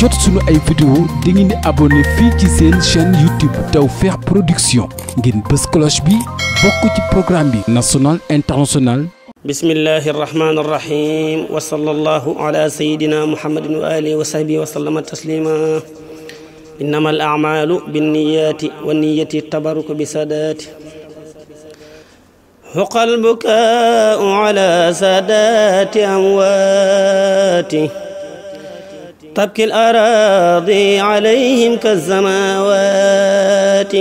jot suñu ay vidéo da ngeen di abonné fii ci seen chaîne YouTube Tawfekh Production ngeen bës cloche bi bokk ci programme bi national international bismillahi arrahmani arrahim wa sallallahu ala sayidina muhammadin wa alihi wa sahbihi wa sallama taslima innama al amalu binniyati wa niyati tabaruku bi sadati xuqa albukaau ala sadati amwati تبكي الأراضي عليهم كالزماوات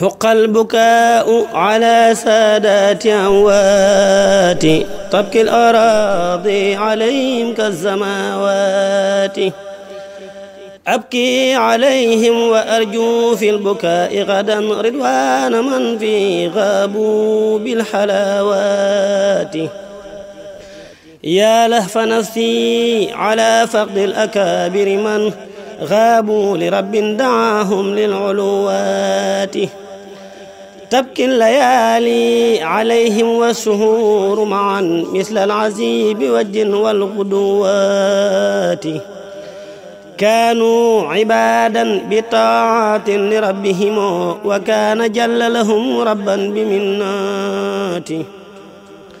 حق البكاء على سادات أموات تبكي الأراضي عليهم كالزماوات أبكي عليهم وأرجو في البكاء غدا رضوان من في غابوا بالحلاوات يا لهف نفسي على فقد الأكابر من غابوا لرب دعاهم للعلوات تبكي الليالي عليهم والسهور معا مثل العزيب والجن والغدوات كانوا عبادا بطاعات لربهم وكان جل لهم ربا بمناته